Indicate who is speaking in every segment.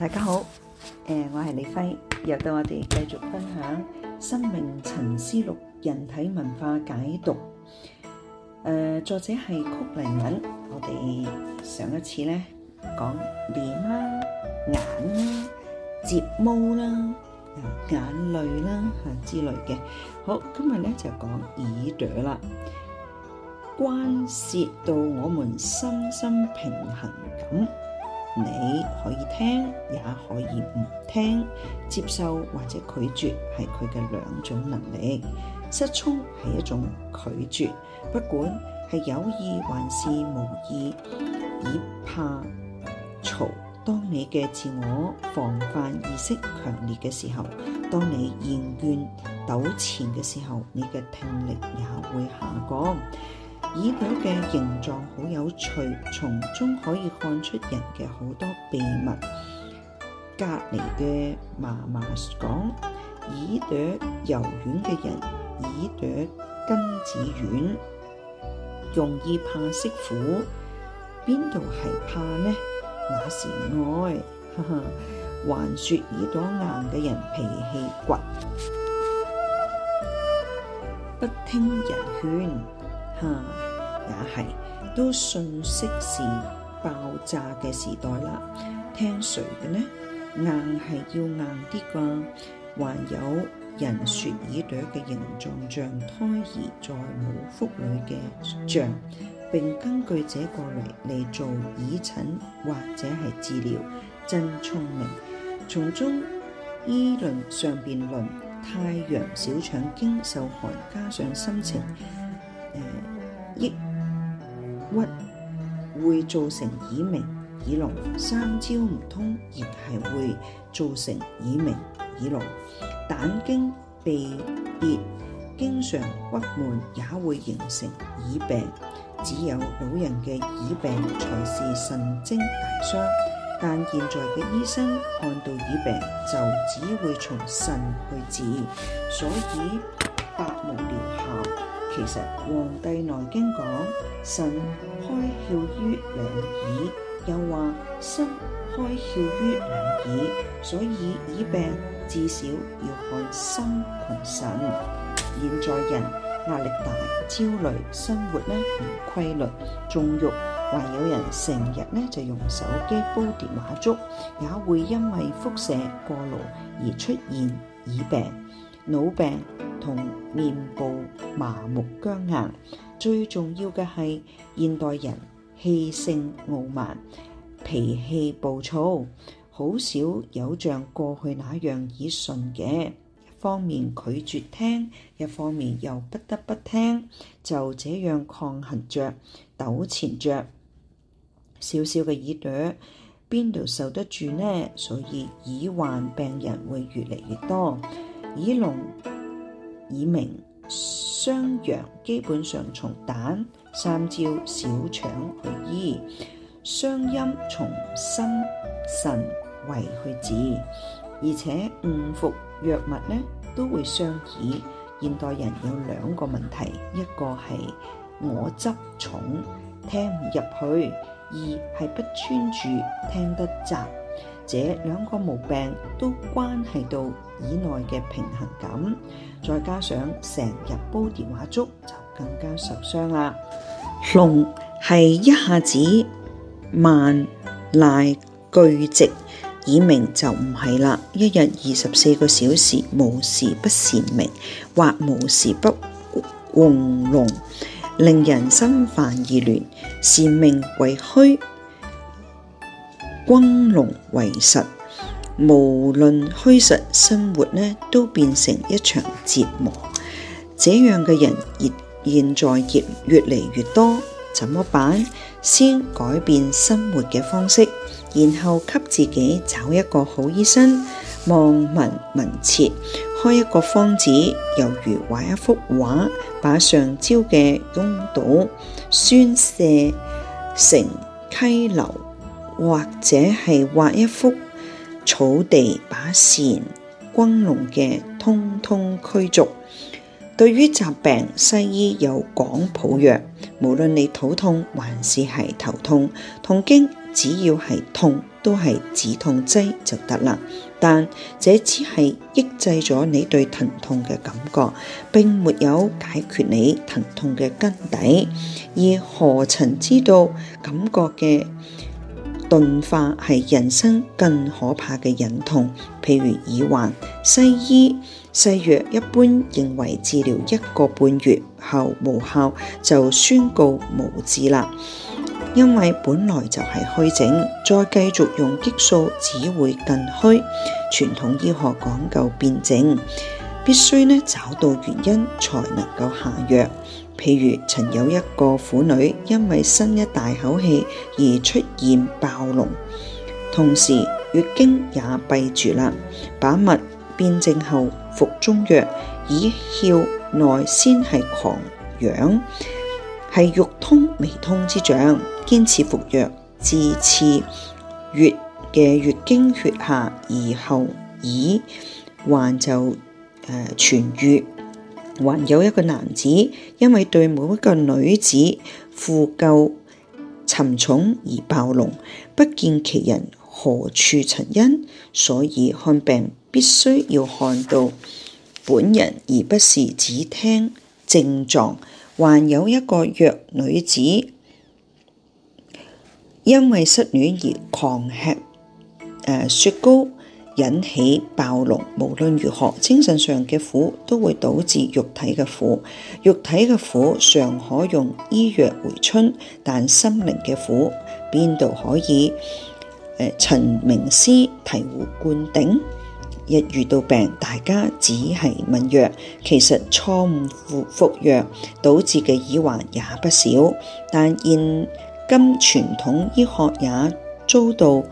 Speaker 1: 大家好，誒、呃，我係李輝，又到我哋繼續分享《生命沉思錄人體文化解讀》呃，誒，作者係曲麗敏。我哋上一次咧講臉啦、眼啦、睫毛啦、眼淚啦吓之類嘅，好，今日咧就講耳朵啦，關涉到我們身心平衡感。你可以聽，也可以唔聽，接受或者拒絕係佢嘅兩種能力。失聰係一種拒絕，不管係有意還是無意，以怕嘈。當你嘅自我防範意識強烈嘅時候，當你厭倦糾纏嘅時候，你嘅聽力也會下降。耳朵嘅形狀好有趣，從中可以看出人嘅好多秘密。隔籬嘅媽媽講：耳朵柔軟嘅人，耳朵根子軟，容易怕媳婦。邊度係怕呢？那是愛。哈哈，還說耳朵硬嘅人脾氣倔，不聽人勸。嚇，也係，都信息是爆炸嘅時代啦。聽誰嘅呢？硬係要硬啲啩。還有人說耳朵嘅形狀像胎兒在母腹裏嘅像，並根據這個嚟嚟做耳診或者係治療，真聰明。從中醫論上辯論，太陽小腸經受寒，加上心情誒鬱會造成耳鳴耳聾，三焦唔通亦係會造成耳鳴耳聾。膽經鼻熱，經常鬱悶也會形成耳病。只有老人嘅耳病才是神經大傷，但現在嘅醫生看到耳病就只會從腎去治，所以百無療效。其實《黃帝內經》講腎開竅於兩耳，又話心開竅於兩耳，所以耳病至少要看心同腎。現在人壓力大、焦慮、生活呢唔規律、縱欲，還有人成日呢就用手機煲電話粥，也會因為輻射過勞而出現耳病、腦病。同面部麻木僵硬，最重要嘅係現代人氣性傲慢，脾氣暴躁，好少有像過去那樣耳順嘅。一方面拒絕聽，一方面又不得不聽，就這樣抗衡着、糾纏着，小小嘅耳朵邊度受得住呢？所以耳患病人會越嚟越多，耳聾。耳鳴雙陽基本上從膽、三焦、小腸去醫，雙陰從心、腎、胃去治，而且誤服藥物咧都會傷耳。現代人有兩個問題，一個係我執重，聽唔入去；二係不專注，聽得雜。這兩個毛病都關係到耳內嘅平衡感，再加上成日煲電話粥就更加受傷啦。聾係一下子萬籟俱寂，耳鳴就唔係啦。一日二十四個小時無時不耳鳴，或無時不轟隆，令人心煩意亂，耳鳴為虛。轟隆為實，無論虛實，生活呢都變成一場折磨。這樣嘅人，現在越越嚟越多，怎麼辦？先改變生活嘅方式，然後給自己找一個好醫生，望聞問切，開一個方子，猶如畫一幅畫，把上朝嘅擁堵宣泄成溪流。或者係畫一幅草地，把蟬、轟龍嘅通通驅逐。對於疾病，西醫有廣譜藥，無論你肚痛還是係頭痛、痛經，只要係痛，都係止痛劑就得啦。但這只係抑制咗你對疼痛嘅感覺，並沒有解決你疼痛嘅根底。而何曾知道感覺嘅？鈍化係人生更可怕嘅隱痛，譬如耳患，西醫西藥一般認為治療一個半月後無效就宣告無治啦，因為本來就係虛症，再繼續用激素只會更虛。傳統醫學講究辨證。必須呢找到原因才能夠下藥。譬如曾有一個婦女因為生一大口氣而出現暴聾，同時月經也閉住啦。把脈辯證後服中藥，耳竅內先係狂癢，係欲通未通之象。堅持服藥至次月嘅月經血下，而後耳還就，誒，痊愈。呃，還有一個男子因為對某一個女子負疚、沉重而暴聾，不見其人何處尋因，所以看病必須要看到本人，而不是只聽症狀。還有一個弱女子因為失戀而狂吃、呃、雪糕。引起暴怒，無論如何，精神上嘅苦都會導致肉體嘅苦。肉體嘅苦尚可用醫藥回春，但心靈嘅苦邊度可以？誒、呃，尋明師醍醐灌頂。一遇到病，大家只係問藥，其實錯誤服藥導致嘅耳患也不少。但現今傳統醫學也遭到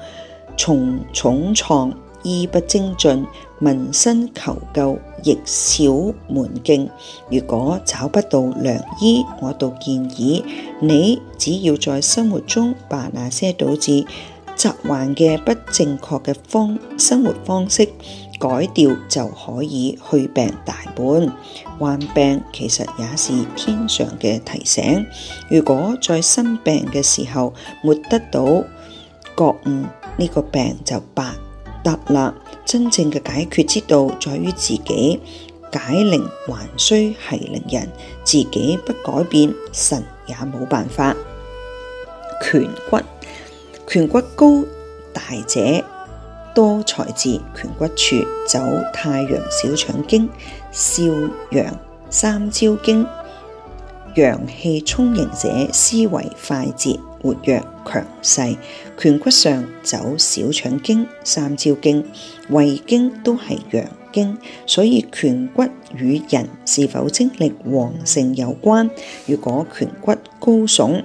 Speaker 1: 重重創。醫不精進，民生求救亦少門徑。如果找不到良醫，我倒建議你只要在生活中把那些導致疾患嘅不正確嘅方生活方式改掉，就可以去病大半。患病其實也是天上嘅提醒。如果在生病嘅時候沒得到覺悟，呢、這個病就白。答啦，真正嘅解決之道在於自己，解鈴，還須繫鈴人，自己不改變，神也冇辦法。顴骨，顴骨高大者多才智，顴骨處走太陽小腸經、少陽三焦經，陽氣充盈者思維快捷。活躍強勢，顴骨上走小腸經、三焦經、胃經都係陽經，所以顴骨與人是否精力旺盛有關。如果顴骨高聳、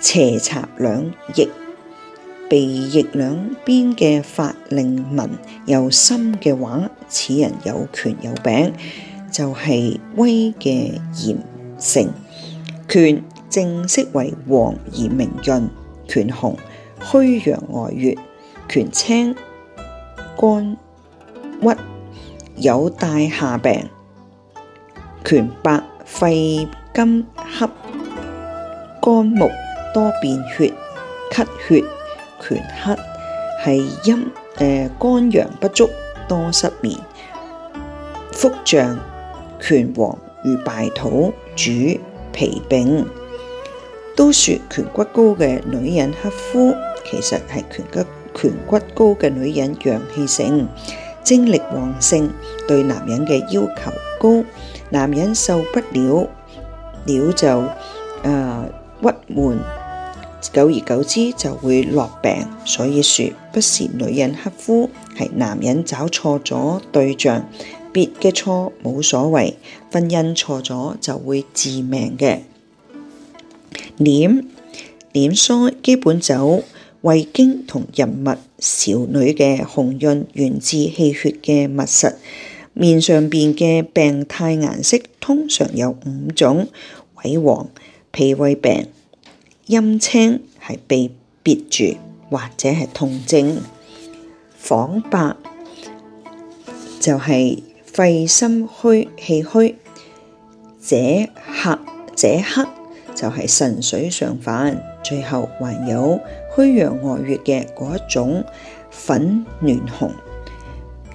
Speaker 1: 斜插兩翼、鼻翼兩邊嘅法令紋又深嘅話，此人有權有柄，就係、是、威嘅嚴性，拳。正色為黃而明潤，顴紅虛陽外越，顴青肝鬱有帶下病，顴白肺金克，肝木多便血咳血，顴黑係陰呃、肝陽不足多失眠腹脹，顴黃如白土主脾病。煮皮都說顴骨高嘅女人克夫，其實係顴骨顴骨高嘅女人陽氣盛，精力旺盛，對男人嘅要求高，男人受不了，了就啊鬱悶，久而久之就會落病。所以說，不是女人克夫，係男人找錯咗對象。別嘅錯冇所謂，婚姻錯咗就會致命嘅。臉臉腮基本走胃經，同人物少女嘅紅潤，源自氣血嘅物實。面上邊嘅病態顏色通常有五種：萎黃、脾胃病、陰青係被憋住或者係痛症，仿白就係、是、肺心虛氣虛，者黑者黑，就係腎水上泛，最後還有虛陽外越嘅嗰一種粉嫩紅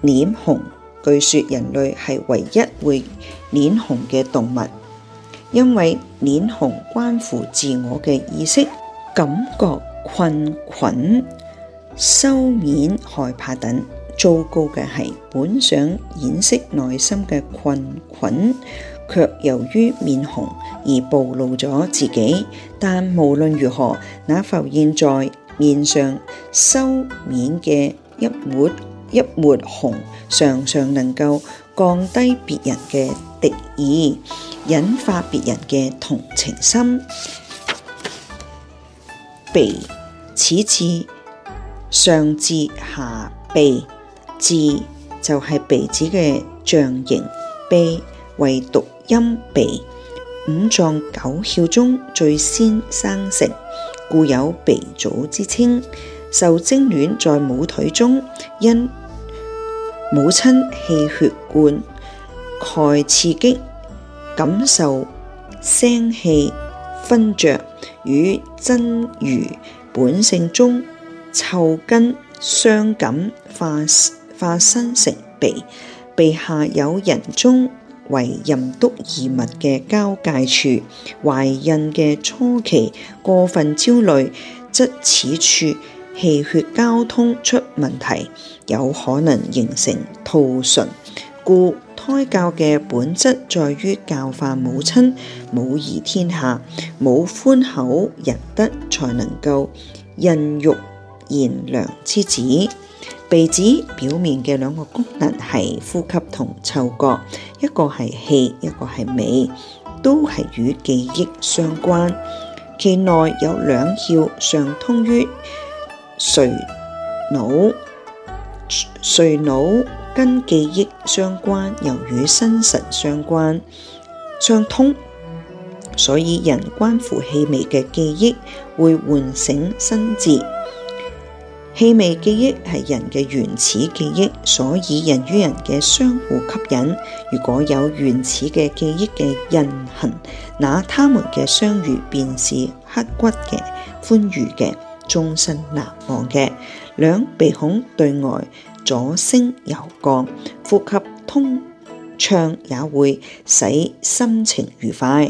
Speaker 1: 臉紅。據說人類係唯一會臉紅嘅動物，因為臉紅關乎自我嘅意識、感覺困窘、羞面、害怕等。糟糕嘅係本想掩飾內心嘅困窘。卻由於面紅而暴露咗自己，但無論如何，那浮現在面上、收面嘅一抹一抹紅，常常能夠降低別人嘅敵意，引發別人嘅同情心。鼻，此字上至下鼻，字就係鼻子嘅象形，鼻為讀。唯獨陰鼻五臟九竅中最先生成，故有鼻祖之稱。受精卵在母體中，因母親氣血灌溉刺激，感受聲氣分着，與真如本性中臭根相感化，化化生成鼻。鼻下有人中。為任督二脈嘅交界處，懷孕嘅初期，過分焦慮，則此處氣血交通出問題，有可能形成兔唇。故胎教嘅本質在於教化母親，母儀天下，母寬厚仁德，才能夠孕育賢良之子。鼻子表面嘅兩個功能係呼吸同嗅覺，一個係氣，一個係味，都係與記憶相關。其內有兩竅，上通於垂腦，垂腦跟記憶相關，又與身神相關，相通。所以人關乎氣味嘅記憶，會喚醒身智。氣味記憶係人嘅原始記憶，所以人與人嘅相互吸引。如果有原始嘅記憶嘅印痕，那他們嘅相遇便是刻骨嘅歡愉嘅，終身難忘嘅。兩鼻孔對外，左升右降，呼吸通暢也會使心情愉快。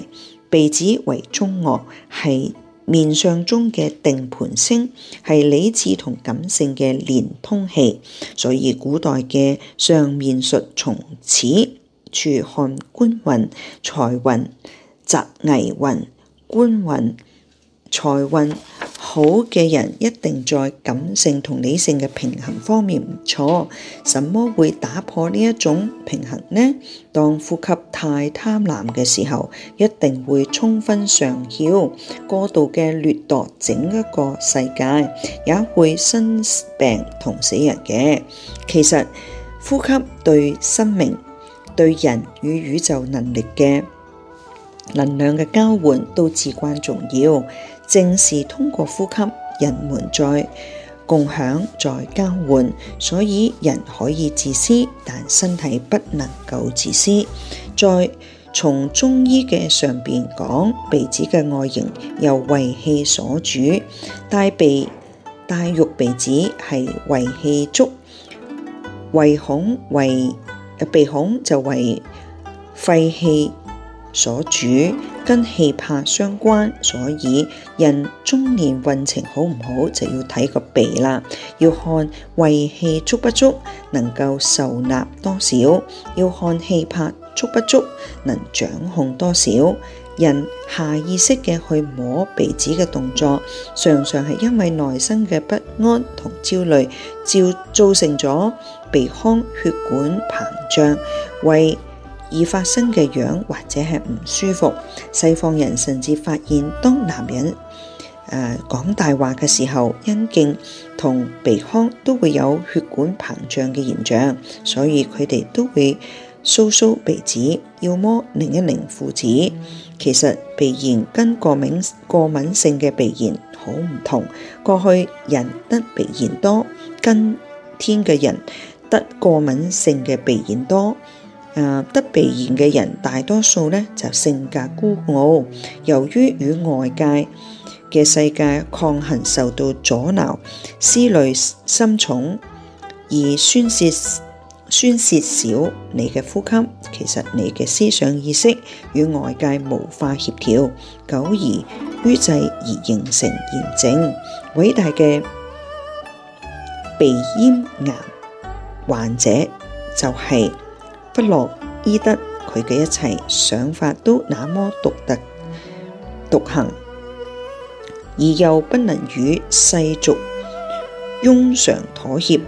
Speaker 1: 鼻子為中岳，係。面相中嘅定盤星係理智同感性嘅連通器，所以古代嘅相面術從此處看官運財運吉危運官運財運。好嘅人一定在感性同理性嘅平衡方面唔錯，什麼會打破呢一種平衡呢？當呼吸太貪婪嘅時候，一定會充分上竅，過度嘅掠奪整一個世界，也會生病同死人嘅。其實呼吸對生命、對人與宇宙能力嘅能量嘅交換都至關重要。正是通過呼吸，人們在共享，在交換，所以人可以自私，但身體不能夠自私。再從中醫嘅上面講，鼻子嘅外形由胃氣所主，大鼻、大肉鼻子係胃氣足，胃孔、胃、呃、鼻孔就為肺氣所主。跟氣魄相關，所以人中年運程好唔好就要睇個鼻啦，要看胃氣足不足，能夠受納多少；要看氣魄足不足，能掌控多少。人下意識嘅去摸鼻子嘅動作，常常係因為內心嘅不安同焦慮，造成咗鼻腔血管膨脹，胃。易發生嘅樣或者係唔舒服，西方人甚至發現，當男人誒講、呃、大話嘅時候，陰莖同鼻腔都會有血管膨脹嘅現象，所以佢哋都會搔搔鼻子，要麼擰一擰褲子。其實鼻炎跟過敏，過敏性嘅鼻炎好唔同，過去人得鼻炎多，今天嘅人得過敏性嘅鼻炎多。啊、得鼻炎嘅人大多數咧，就性格孤傲，由於與外界嘅世界抗衡受到阻撓，思慮深重而宣洩宣洩少，你嘅呼吸其實你嘅思想意識與外界無法協調，久而淤滯而形成炎症，偉大嘅鼻咽癌患者就係、是。弗洛伊德，佢嘅一切想法都那麼獨特獨行，而又不能與世俗庸常妥協，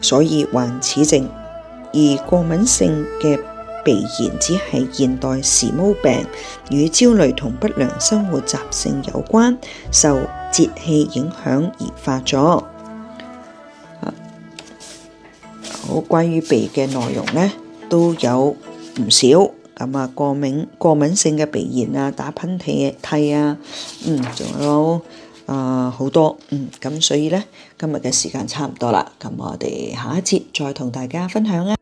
Speaker 1: 所以患此症。而過敏性嘅鼻炎只係現代時髦病，與焦慮同不良生活習性有關，受節氣影響而發作。好，關於鼻嘅內容呢？都有唔少咁啊，過敏過敏性嘅鼻炎啊，打噴嚏啊，嗯，仲有啊好、呃、多，嗯，咁所以呢，今日嘅時間差唔多啦，咁我哋下一節再同大家分享啦。